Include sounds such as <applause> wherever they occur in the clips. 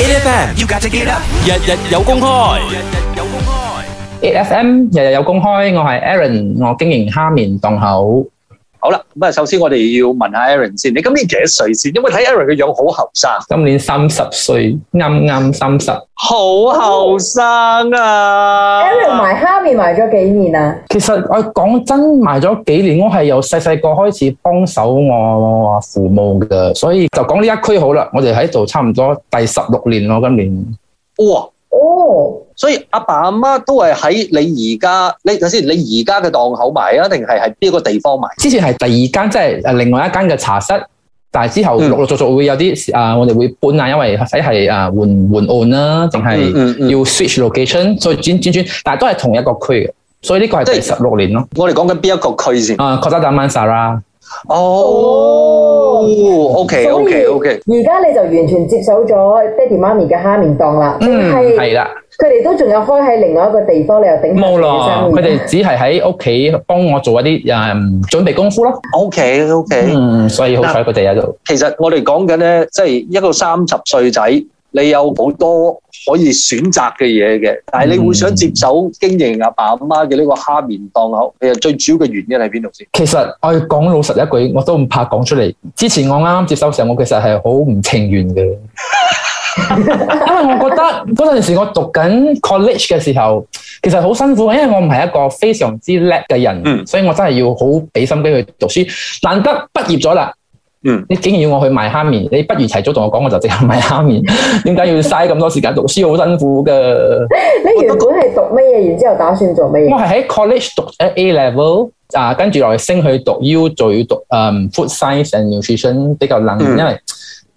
A F M，日日有公開，日日有公開，A F M 日日有公開，我係 Aaron，我經營蝦麵檔口。好啦，咁啊，首先我哋要問下 Aaron 先，你今年幾歲先？因為睇 Aaron 嘅樣好後生。今年三十歲，啱啱三十。好後生啊！Aaron 賣蝦麵賣咗幾年啊？其實我講真，賣咗幾年，我係由細細個開始幫手我父母嘅，所以就講呢一區好啦，我哋喺度差唔多第十六年咯，今年。哇！哦，oh, 所以阿爸阿媽，媽都係喺你而家，你頭先，你而家嘅檔口買啊，定係喺邊個地方買？之前係第二間，即係誒，另外一間嘅茶室，但係之後陸陸續續會有啲誒、呃，我哋會搬啊，因為使係誒換換案啦，定、呃、係要 switch location 所以轉轉轉，但係都係同一個區嘅，所以呢個係第十六年咯。即了我哋講緊邊一個區先？啊 Kota Damansara 哦，OK，OK，OK，而家你就完全接手咗爹哋媽咪嘅蝦麵檔啦，嗯，係啦，佢哋都仲有開喺另外一個地方，你又頂唔到。冇啦，佢哋只係喺屋企幫我做一啲誒準備功夫咯，OK，OK，嗯，所以好彩佢哋喺度。其實我哋講緊咧，即係一個三十歲仔，你有好多，可以選擇嘅嘢嘅，但係你會想接手經營阿爸阿媽嘅呢個蝦麵檔口，其實最主要嘅原因係邊度先？其實我講老實一句，我都唔怕講出嚟。之前我啱啱接手時候，我其實係好唔情願嘅，因 <laughs> 為 <laughs> <laughs> 我覺得嗰陣時我讀緊 college 嘅時候，其實好辛苦，因為我唔係一個非常之叻嘅人，嗯、所以我真係要好俾心機去讀書，難得畢業咗啦。嗯，你竟然要我去賣蝦麵，你不如提早同我講，我就直接賣蝦麵。點解要嘥咁多時間讀, <laughs> 讀書好辛苦㗎？你原本係讀乜嘢？然之後打算做乜嘢？我係喺 college 讀嘅 A level，啊，跟住落嚟升去讀 U，就要讀誒、um, food science and nutrition 比較冷門。嗯，因為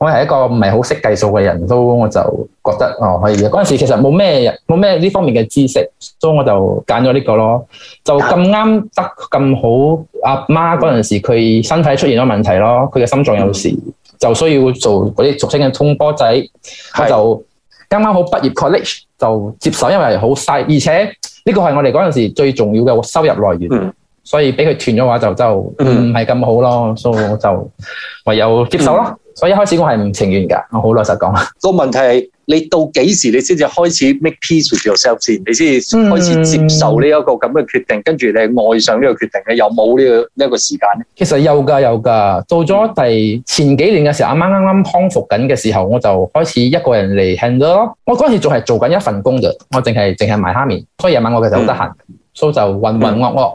我係一個唔係好識計數嘅人都，我就覺得、哦、可以嘅。嗰陣時其實冇咩冇咩呢方面嘅知識，所以我就揀咗呢個咯。就咁啱得咁好，阿媽嗰陣時佢身體出現咗問題咯，佢嘅心臟有事，就需要做嗰啲俗稱嘅通波仔。是我就啱啱好畢業 college 就接手，因為好細，而且呢個係我哋嗰陣時最重要嘅收入來源。嗯所以俾佢斷咗話就就唔係咁好咯，所以我就唯有接受咯。所以一開始我係唔情願噶，我好老實講。個問題係你到幾時你先至開始 make peace with yourself 先，你先開始接受呢一個咁嘅決定，跟住你愛上呢個決定咧，有冇呢個呢一個時間咧？其實有噶有噶，到咗第前幾年嘅時候，啱啱啱啱康復緊嘅時候，我就開始一個人嚟 handle 咯。我嗰陣時仲係做緊一份工嘅，我淨係淨係賣蝦麵。所以夜晚我其實好得閒，所以就渾渾噩噩。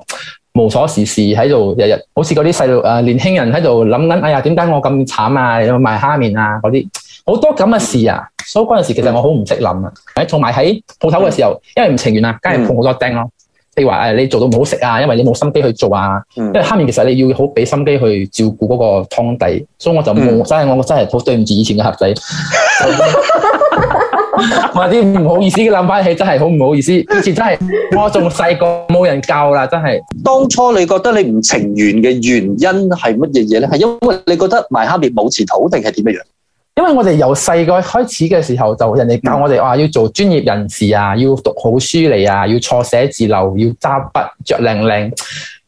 無所事事喺度，日日好似嗰啲細路啊，年輕人喺度諗緊，哎呀，點解我咁慘啊？有，有賣蝦麵啊，嗰啲好多咁嘅事啊。所以嗰陣時其實我好唔識諗啊。同埋喺鋪頭嘅時候，因為唔情願啊，梗係碰好多釘咯。譬如話誒，你做到唔好食啊，因為你冇心機去做啊。因為蝦麵其實你要好俾心機去照顧嗰個湯底，所以我就冇，真係、嗯、我真係好對唔住以前嘅客仔。 <laughs> <laughs> 話啲唔好意思嘅，諗翻起，真係好唔好意思。以前真係 <laughs> 我仲細個冇人教啦，真係。當初你覺得你唔情願嘅原因係乜嘢嘢咧？係因為你覺得賣蝦麵冇前途定係點樣？因為我哋由細個開始嘅時候就人哋教我哋話、嗯啊、要做專業人士啊，要讀好書嚟啊，要坐寫字樓，要揸筆着靚靚。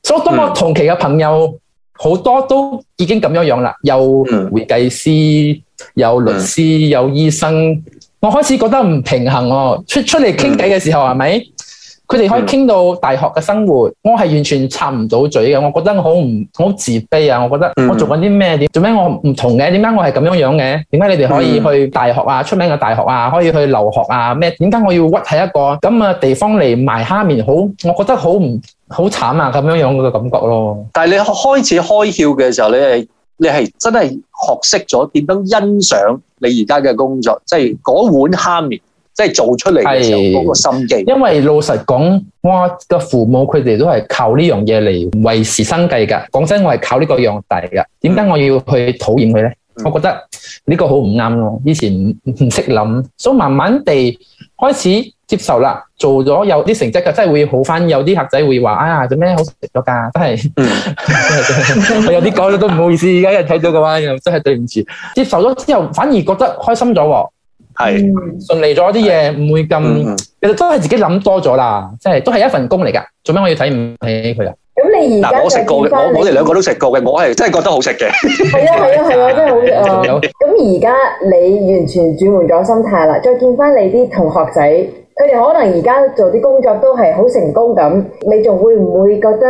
所以當我同期嘅朋友好、嗯、多都已經咁樣樣啦，有會計師，有律師，有醫生。嗯我開始覺得唔平衡哦、啊，出出嚟傾偈嘅時候係咪？佢哋、嗯、可以傾到大學嘅生活，我係完全插唔到嘴嘅。我覺得我好唔好自卑啊？我覺得我做緊啲咩點？做咩我唔同嘅？點解我係咁樣樣嘅？點解你哋可以去大學啊？嗯、出名嘅大學啊，可以去留學啊咩？點解我要屈喺一個咁嘅地方嚟賣蝦麵？好，我覺得好唔好慘啊？咁樣樣嘅感覺咯。但係你開始開竅嘅時候你係？你係真係學識咗點樣欣賞你而家嘅工作，即係嗰碗蝦麵，即係做出嚟嘅時候，係，嗰個心機。因為老實講，我嘅父母佢哋都係靠呢樣嘢嚟維持生計㗎。講真，我係靠呢個樣大㗎。點解我要去討厭佢咧？我覺得呢個好唔啱咯。以前唔唔識諗，所以慢慢地開始。接受啦，做咗有啲成績噶，真係會好翻。有啲客仔會話，哎呀，做咩好食咗噶？真係，我有啲講咗都唔好意思，而家睇到嘅話，又真係對唔住。接受咗之後，反而覺得開心咗，係順利咗啲嘢，唔會咁。其實都係自己諗多咗啦，即係都係一份工嚟噶。做咩我要睇唔起佢啊？咁你而家我食過嘅，我我哋兩個都食過嘅，我係真係覺得好食嘅。係啊係啊係啊，真係好食啊！咁而家你完全轉換咗心態啦，再見翻你啲同學仔。佢哋可能而家做啲工作都係好成功咁，你仲會唔會覺得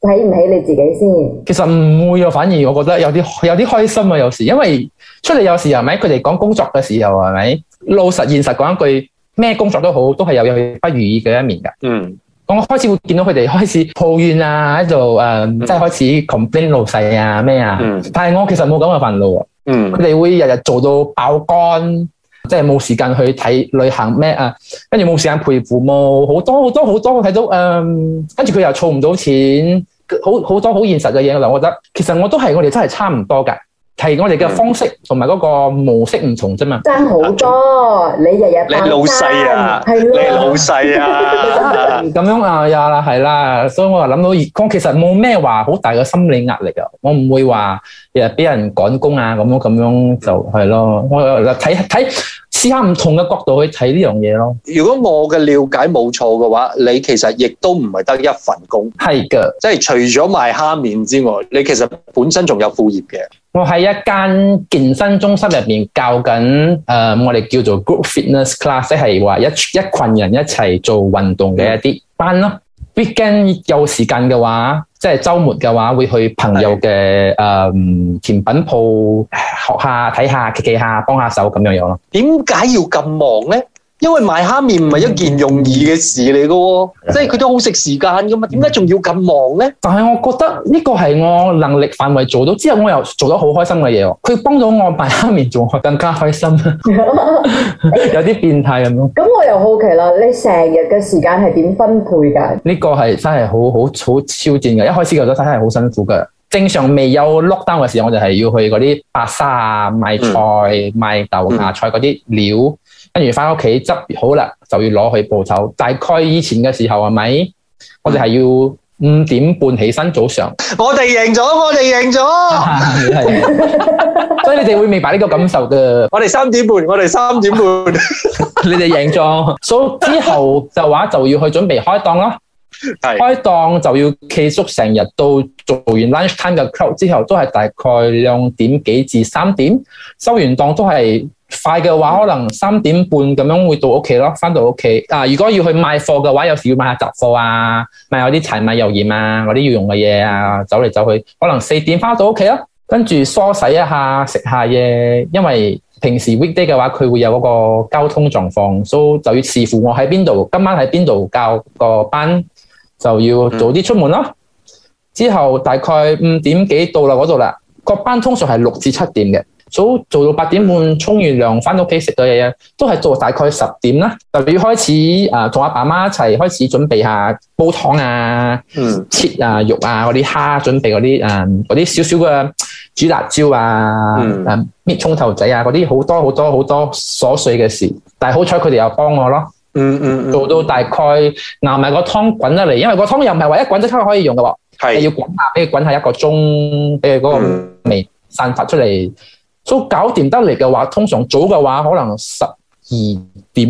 睇唔起你自己先？其實唔會啊，反而我覺得有啲有啲開心啊，有時因為出嚟有時係咪？佢哋講工作嘅時候係咪？老實現實講一句，咩工作都好，都係有有不如意嘅一面㗎。嗯，我開始會見到佢哋開始抱怨啊，喺度誒，即係開始 complain 老細啊咩啊。嗯，但係我其實冇咁嘅煩惱。嗯，佢哋會日日做到爆肝。即係冇時間去睇旅行咩啊，跟住冇時間陪父母，好多好多好多我睇到，嗯，跟住佢又儲唔到錢，好，好多好現實嘅嘢，我覺得，其實我都係我哋真係差唔多㗎。係我哋嘅方式同埋嗰個模式唔同啫嘛，爭好、啊、多，你日日幫晒，係咯，你老細啊，咁樣啊，又係啦，所以我又諗到，我其實冇咩話好大嘅心理壓力啊，我唔會話日日俾人趕工啊，咁樣就係咯，我睇睇。看看看試下唔同嘅角度去睇呢樣嘢咯。如果我嘅瞭解冇錯嘅話，你其實亦都唔係得一份工。係嘅，即係除咗賣蝦麵之外，你其實本身仲有副業嘅。我喺一間健身中心入面教緊，誒，我哋叫做 group fitness class，係話一羣人一齊做運動嘅一啲班咯。begin 有時間嘅話。即係週末嘅話，會去朋友嘅誒的、嗯、甜品鋪學下、睇下、企企下、幫下手咁樣樣咯。點解要咁忙呢？因為賣蝦麵唔係一件容易嘅事嚟噶、哦，即係佢都好食時間噶嘛，點解仲要咁忙呢？但係我覺得呢個係我能力範圍做到之後，我又做得好開心嘅嘢。佢幫到我賣蝦麵，仲更加開心。 <laughs> 有啲變態咁咯。咁 <laughs> 我又好奇啦，你成日嘅時間係點分配噶？呢個係真係好好好超戰嘅。一開始我都真係好辛苦噶。正常未有 lockdown 嘅時候，我就係要去嗰啲白沙賣菜、嗯、賣豆芽菜嗰啲料。跟住翻屋企執好啦，就要攞去舖頭。大概以前嘅時候係咪？我哋係要五點半起身早上。我哋贏咗，我哋贏咗。啊、 <laughs> 所以你哋會明白呢個感受嘅。 <laughs> 我哋三點半，我哋三點半。 <laughs> <laughs> 你哋贏咗，所、so, 之後就話就要去準備開檔啦。是開檔就要企足成日到做完 lunch time 嘅 close 之後，都係大概兩點幾至三點收完檔都係。快嘅話，可能三點半咁樣會到屋企咯。翻到屋企，啊，如果要去賣貨嘅話，有時要買下雜貨啊，買下啲柴米油鹽啊，嗰啲要用嘅嘢啊，走嚟走去，可能四點翻到屋企咯。跟住梳洗一下，食下嘢，因為平時 weekday 嘅話，佢會有嗰個交通狀況，所以就要視乎我喺邊度，今晚喺邊度教個班，就要早啲出門咯。之後大概五點幾到啦嗰度啦，個班通常係六至七點嘅。早做到八點半，沖完涼翻到屋企食嘅嘢，都係做大概十點啦。就要開始啊，同、呃、阿爸媽一齊開始準備下煲湯啊，嗯、切啊肉啊嗰啲蝦，準備嗰啲誒啲少少嘅煮辣椒啊，誒搣、嗯、葱頭仔啊嗰啲好多好多好多瑣碎嘅事。但係好彩佢哋又幫我咯。嗯嗯，嗯做到大概熬埋個湯滾出嚟，因為個湯又唔係話一滾即刻可以用嘅喎，係是要滾下，俾佢滾下一個鐘，俾佢嗰個味散發出嚟。都、so, 搞掂得嚟嘅話，通常早嘅話可能十二點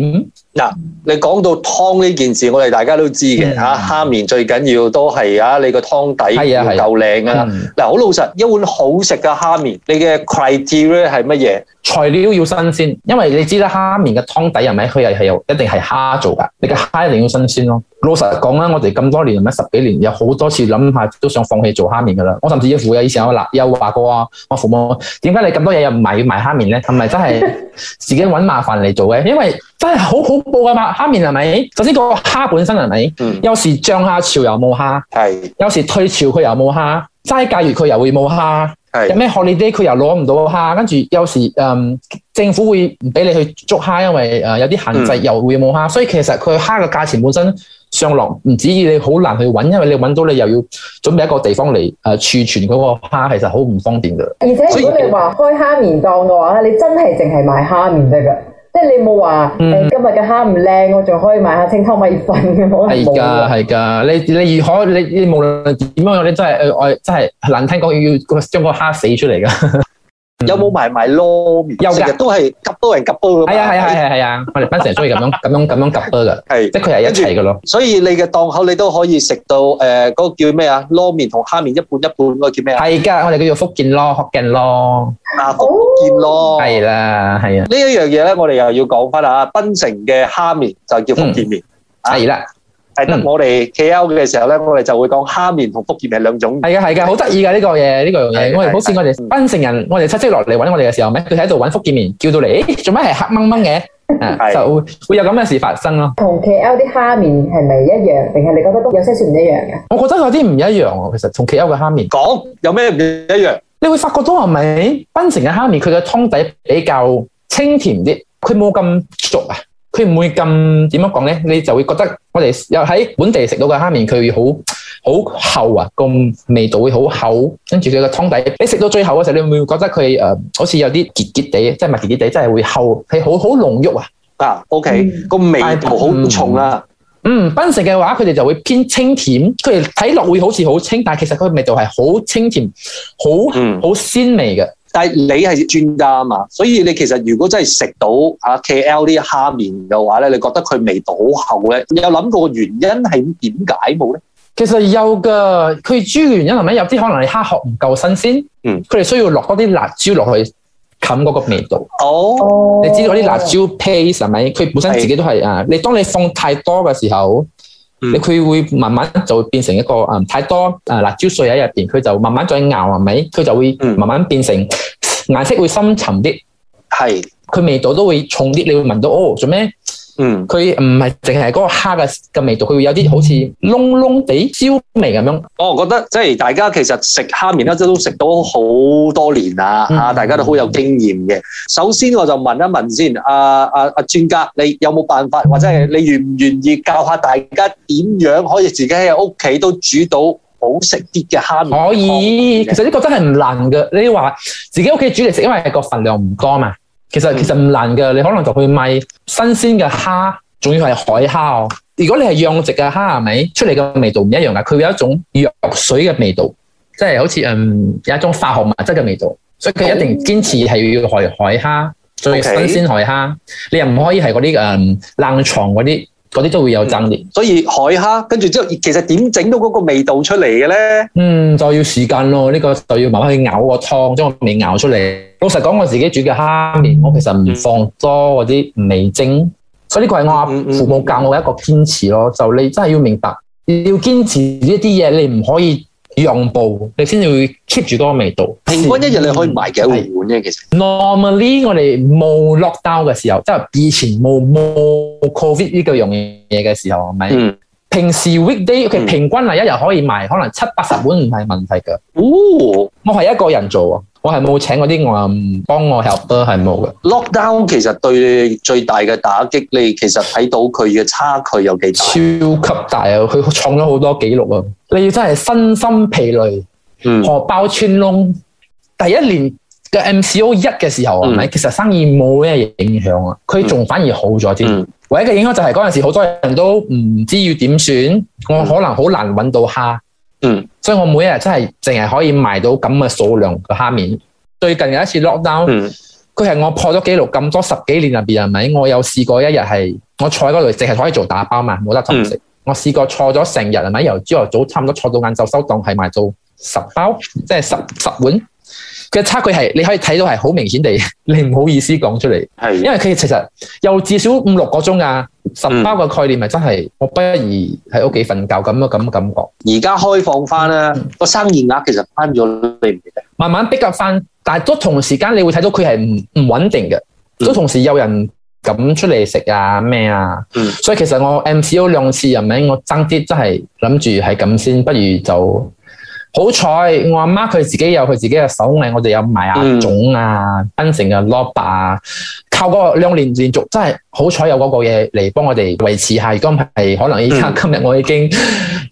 嗱，你講到湯呢件事，我哋大家都知嘅嚇。蝦麵最緊要都係啊，你個湯底要夠靚啊。嗱，好老實，一碗好食嘅蝦麵，你嘅 criteria 係乜嘢？材料要新鮮，因為你知啦，蝦麵嘅湯底係咪？佢又係有一定係蝦做㗎，你嘅蝦一定要新鮮咯。老實講啦，我哋咁多年，十幾年有好多次諗下都想放棄做蝦麵㗎啦。我甚至乎有以前我又話過啊，我父母點解你咁多嘢又唔賣賣蝦麵咧？係咪真係自己揾麻煩嚟做？因為真係好恐怖啊嘛，蝦麵係咪？首先個蝦本身係咪？嗯、有時漲下潮又冇蝦，係；是的 有時退潮佢又冇蝦，齋假如佢又會冇蝦，係。有咩 holiday 佢又攞唔到蝦，跟住，有時誒、嗯、政府會唔俾你去捉蝦，因為誒有啲限制又會冇蝦，嗯、所以其實佢蝦嘅價錢本身上落唔止，你好難去搵，因為你搵到你又要準備一個地方嚟，誒儲存嗰個蝦，其實好唔方便噶。而且如果你話開蝦麵檔嘅話，你真係淨係賣蝦麵得噶。即係你冇話、嗯哎，今日嘅蝦唔靚，我仲可以買下清湯米粉嘅。係㗎的，係㗎、嗯。你你可你你無論點樣，你真係我真係難聽講要將個蝦死出嚟㗎。 <laughs> 有冇埋埋撈麵？成日都係夾多人夾多嘅。係啊，係啊，係係係啊！我哋檳城中意咁樣咁樣咁樣夾多嘅。係，即係佢係一齊嘅咯。所以你嘅檔口你都可以食到誒，嗰個叫咩啊？撈麵同蝦麵一半一半嗰個叫咩啊？係噶，我哋叫做福建撈福建撈啊！福建撈，係啦係啊。呢一樣嘢咧，我哋又要講翻啦。啊，檳城嘅蝦麵就叫福建麵，係啦。係得我哋 KL 嘅時候呢，我哋就會講蝦麵同福建麵兩種。係嘅，係嘅，的這個、的的好得意嘅呢個嘢，呢個嘢。我哋好似我哋檳城人，我哋親戚嚟嚟搵我哋嘅時候，咪佢喺度搵福建麵，叫到你，做咩係黑掹掹嘅？啊的，就會有咁嘅事發生咯。同 KL 啲蝦麵係咪一樣？定係你覺得都有些似唔一樣？我覺得有啲唔一樣喎。其實同 KL 嘅蝦麵講有咩唔一樣？你會發覺到係咪？檳城嘅蝦麵佢嘅湯底比較清甜啲，佢冇咁濁佢唔會咁點樣講呢，你就會覺得我哋又喺本地食到嘅蝦麵，佢好好厚啊，個味道會好厚，跟住佢個湯底。你食到最後嗰時候，你會唔會覺得佢、呃、好似有啲結結地，即係密結結地，即係會厚，係好好濃郁啊！啊，OK，個、嗯、味道好重啊！嗯，檳城嘅話，佢哋就會偏清甜，佢哋睇落會好似好清，但係其實佢味道係好清甜，好好鮮味嘅。嗯嗯。但係你係專家啊嘛，所以你其實如果真係食到啊 K L 呢啲蝦麵嘅話咧，你覺得佢味道好厚咧，你有諗過個原因係點解冇咧？其實有噶，佢主要原因係咩？有啲可能你蝦殼唔夠新鮮，嗯，佢哋需要落多啲辣椒落去冚嗰個味道。哦，你知道嗰啲辣椒 paste 係咪？佢本身自己都係是啊。你當你放太多嘅時候。佢會慢慢就會變成一個誒太多誒辣椒碎喺入邊，佢就慢慢再熬，係咪佢就會慢慢變成顏色會深沉啲，係佢是味道都會重啲，你會聞到哦做咩？嗯，佢唔係淨係嗰個蝦嘅嘅味道，佢會有啲好似燶燶哋焦味咁樣。我覺得即係大家其實食蝦麵咧，都食到好多年啦嚇，嗯、大家都好有經驗嘅。首先我就問一問先，阿阿阿專家，你有冇辦法、嗯、或者係你願唔願意教下大家點樣可以自己喺屋企都煮到好食啲嘅蝦麵？可以，其實呢個真係唔難㗎。你話自己屋企煮嚟食，因為個份量唔多嘛。其實其實唔難噶，你可能就去買新鮮嘅蝦，仲要係海蝦，哦。如果你係養殖嘅蝦，係咪出嚟嘅味道唔一樣噶？佢有一種藥水嘅味道，即係好似嗯，有一種化學物質嘅味道，所以佢一定堅持係要去海蝦，新鮮海蝦，最新鮮海蝦。你又唔可以係嗰啲誒，冷藏嗰啲，嗰啲都會有髒、嗯。所以海蝦跟住之後，其實點整到嗰個味道出嚟嘅咧？嗯，就要時間咯，呢、這個就要慢慢去熬個湯，將個味熬出嚟。老實講，我自己煮嘅蝦麵，我其實唔放多嗰啲味精，所以呢個係我父母教我一個堅持咯。就你真係要明白，要堅持一啲嘢，你唔可以讓步，你先至會 keep 住嗰個味道。平均一日你可以賣幾多碗啫？的其實 Normally 我哋冇 lockdown 嘅時候，即係以前冇冇 COVID 呢個樣嘢嘅時候，係咪？嗯。平時 weekday，其實平均係一日可以賣可能七八十碗唔係問題嘅。哦，我係一個人做，我係冇請嗰啲我啊幫我入咯，係冇嘅。lockdown 其實對最大嘅打擊，你其實睇到佢嘅差距有幾大？超級大啊！佢創咗好多紀錄啊！你要真係身心疲累，荷包穿窿，第一年。MCO 一嘅時候，係咪，嗯、其實生意冇咩影響啊？佢仲，嗯、反而好咗啲。嗯、唯一嘅影響就係嗰陣時好多人都唔知要點算，嗯、我可能好難揾到蝦。嗯，所以我每一日真係淨係可以賣到咁嘅數量嘅蝦麵。嗯、最近有一次 lockdown，佢係，嗯、我破咗記錄咁多十幾年入邊，係咪？我有試過一日係我坐喺嗰度，淨係可以做打包嘛，冇得堂食。嗯、我試過坐咗成日，係咪由朝頭早，上早上差唔多坐到晏晝收檔，係賣到十包，即係十十碗。嘅差距係，你可以睇到係好明顯地， <laughs> 你唔好意思講出嚟，係是的 因為佢其實有至少五六個鐘啊，十包嘅概念咪真係、嗯、我不宜喺屋企瞓覺咁咯，咁嘅感覺。而家開放翻啦，個生意額其實翻咗，你唔記得？慢慢逼緊翻，但係都同時間你會睇到佢係唔唔穩定嘅，嗯、都同時有人敢出嚟食啊咩啊，啊嗯、所以其實我 MCO 兩次入面，我爭啲真係諗住係咁先，不如就。好彩，我阿媽佢自己有佢自己嘅手藝，我哋有埋阿粽啊、檳城嘅蘿蔔啊，靠嗰兩年連續真係好彩有嗰個嘢嚟幫我哋維持下。如果係可能依家、嗯、今日我已經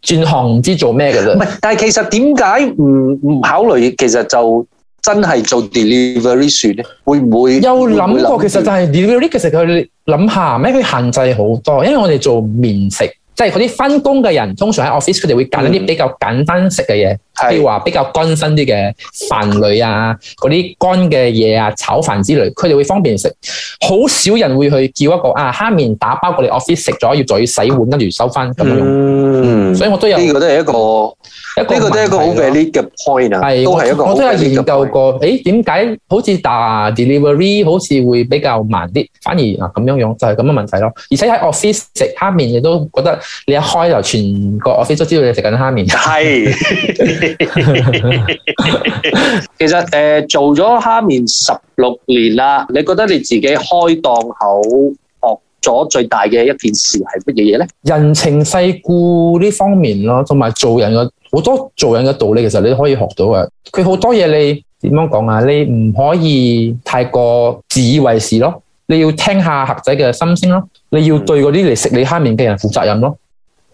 轉行唔知做咩嘅啦。唔係，但係其實點解唔唔考慮？其實就真係做 delivery 先咧，會唔會有諗過？會會其實就係 delivery 嘅時候，其實佢諗下咩？佢限制好多，因為我哋做麵食。即係嗰啲分工嘅人，通常喺 office 佢哋會揀啲比較簡單食嘅嘢，譬、嗯、如話比較乾身啲嘅飯類啊，嗰啲乾嘅嘢啊，炒飯之類，佢哋會方便食。好少人會去叫一個啊蝦麵打包過嚟 office 食咗，要再洗碗跟住收翻咁樣用。所以我都有呢個都係一個，呢個都係一個好嘅呢個 point 啊，是都係一個我。我都有研究過，誒點解好似大 delivery 好似會比較慢啲，反而啊咁樣、就是、樣就係咁嘅問題咯。而且喺 office 食蝦麵亦都覺得。你一開就全個我非 f 都知道你食緊蝦麵。係， <laughs> <laughs> 其實誒、呃、做咗蝦麵十六年啦，你覺得你自己開檔口學咗最大嘅一件事係乜嘢嘢咧？人情世故呢方面咯，同埋做人嘅好多做人嘅道理，其實你都可以學到嘅。佢好多嘢你點樣講啊？你唔可以太過自以為是咯，你要聽下客仔嘅心聲咯，你要對嗰啲嚟食你蝦麵嘅人負責任咯。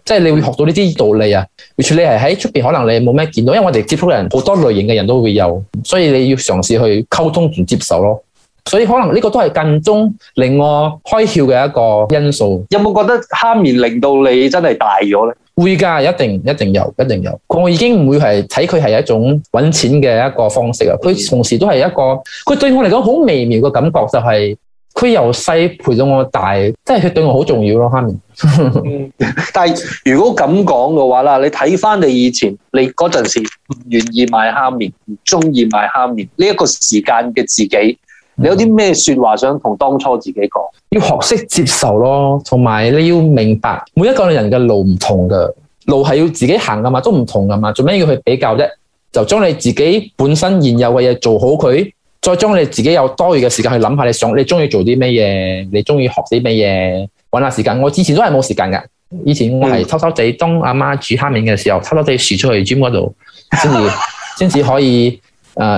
即係你會學到呢啲道理啊！而且你係喺出邊，可能你冇咩見到，因為我哋接觸嘅人好多類型嘅人都會有，所以你要嘗試去溝通同接受咯。所以可能呢個都係近中令我開竅嘅一個因素。有冇覺得蝦面令到你真係大咗咧？會㗎，一定一定有，一定有。我已經唔會係睇佢係一種揾錢嘅一個方式啊！佢同時都係一個，佢對我嚟講好微妙嘅感覺就係、是。佢由細陪咗我大，即係佢對我好重要咯、啊。蝦麵、嗯， <laughs> 但係如果咁講嘅話啦，你睇翻你以前，你嗰陣時唔願意買蝦麵，唔中意買蝦麵，呢、這、一個時間嘅自己，你有啲咩說話想同當初自己講、嗯？要學識接受咯，同埋你要明白每一個人嘅路唔同噶，路係要自己行噶嘛，都唔同噶嘛，做咩要去比較啫？就將你自己本身現有嘅嘢做好佢。再將你自己有多餘嘅時間去諗下，你想你中意做啲咩嘢？你中意學啲咩嘢？揾下時間。我之前都係冇時間嘅，以前我係偷偷地當阿媽,媽煮蝦麵嘅時候，偷偷地時出去 gym 嗰度，先至可以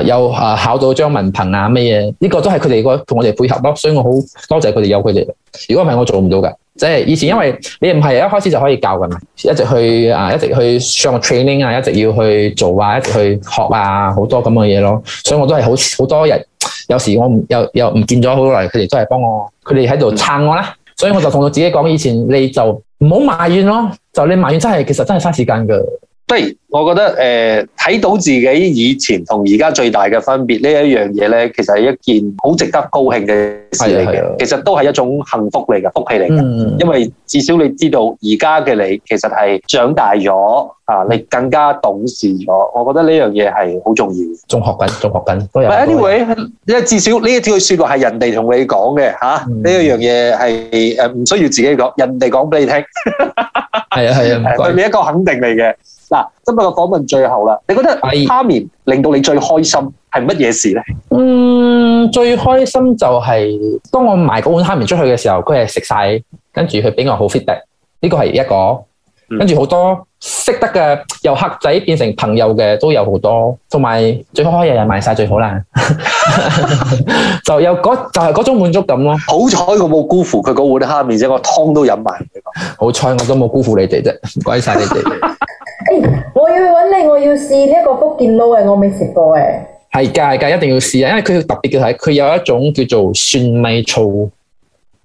有、 <laughs> 呃、考到張文憑啊咩嘢？呢、這個都係佢哋個同我哋配合咯，所以我好多謝佢哋有佢哋。如果唔係，我做唔到㗎。即係以前，因為你唔係一開始就可以教㗎嘛，一直去啊，一直去上 training 啊，一直要去做啊，一直去學啊，好多咁嘅嘢咯。所以我都係好好多人，有時我唔又又唔見咗好耐，佢哋都係幫我，佢哋喺度撐我啦。所以我就同我自己講，以前你就唔好埋怨咯，就你埋怨真係其實真係嘥時間㗎。即係，我覺得誒睇、呃、到自己以前同而家最大嘅分別呢一樣嘢咧，其實係一件好值得高興嘅事嚟嘅。其實都係一種幸福嚟嘅福氣嚟嘅，嗯、因為至少你知道而家嘅你其實係長大咗、嗯、啊，你更加懂事咗。我覺得呢樣嘢係好重要。仲學緊，仲學緊，都有。Anyway，位因為至少呢一條説話係人哋同你講嘅嚇，呢、啊嗯、一樣嘢係誒唔需要自己講，人哋講俾你聽。係啊係啊，對面一個肯定嚟嘅。嗱，今日嘅訪問最後啦，你覺得蝦麵令到你最開心係乜嘢事咧？嗯，最開心就係、是、當我賣嗰碗蝦麵出去嘅時候，佢係食晒，跟住佢俾我好 fit 呢個係一個。跟住好多、嗯、識得嘅由客仔變成朋友嘅都有好多，同埋最，最好可日日賣晒最好啦，就有嗰就係嗰種滿足感咯。好彩我冇辜負佢嗰碗蝦麵啫，個湯都飲埋。好彩我都冇辜負你哋啫，唔該晒你哋。 <laughs> 誒、哎，我要去揾你，我要試呢一個福建撈嘅，我未食過誒，係噶係噶，一定要試啊，因為佢特別嘅係佢有一種叫做蒜米醋，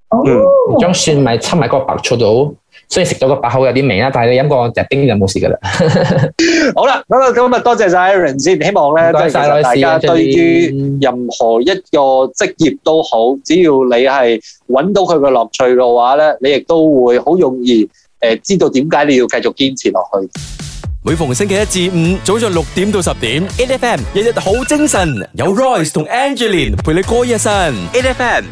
哦、嗯，將蒜米摻埋個白醋度，所以食到個白口有啲味啦。但係你飲過就冰就冇事噶啦。 <laughs> 好啦，咁啊，今日多謝晒 Aaron 先，希望咧即係其實大家對於任何一個職業都好，只要你係揾到佢嘅樂趣嘅話咧，你亦都會好容易誒、呃，知道點解你要繼續堅持落去。每逢星期一至五早上六點到十點，A F M 日日好精神，有 Royce 同 Angelina 陪你過一晨，A F M。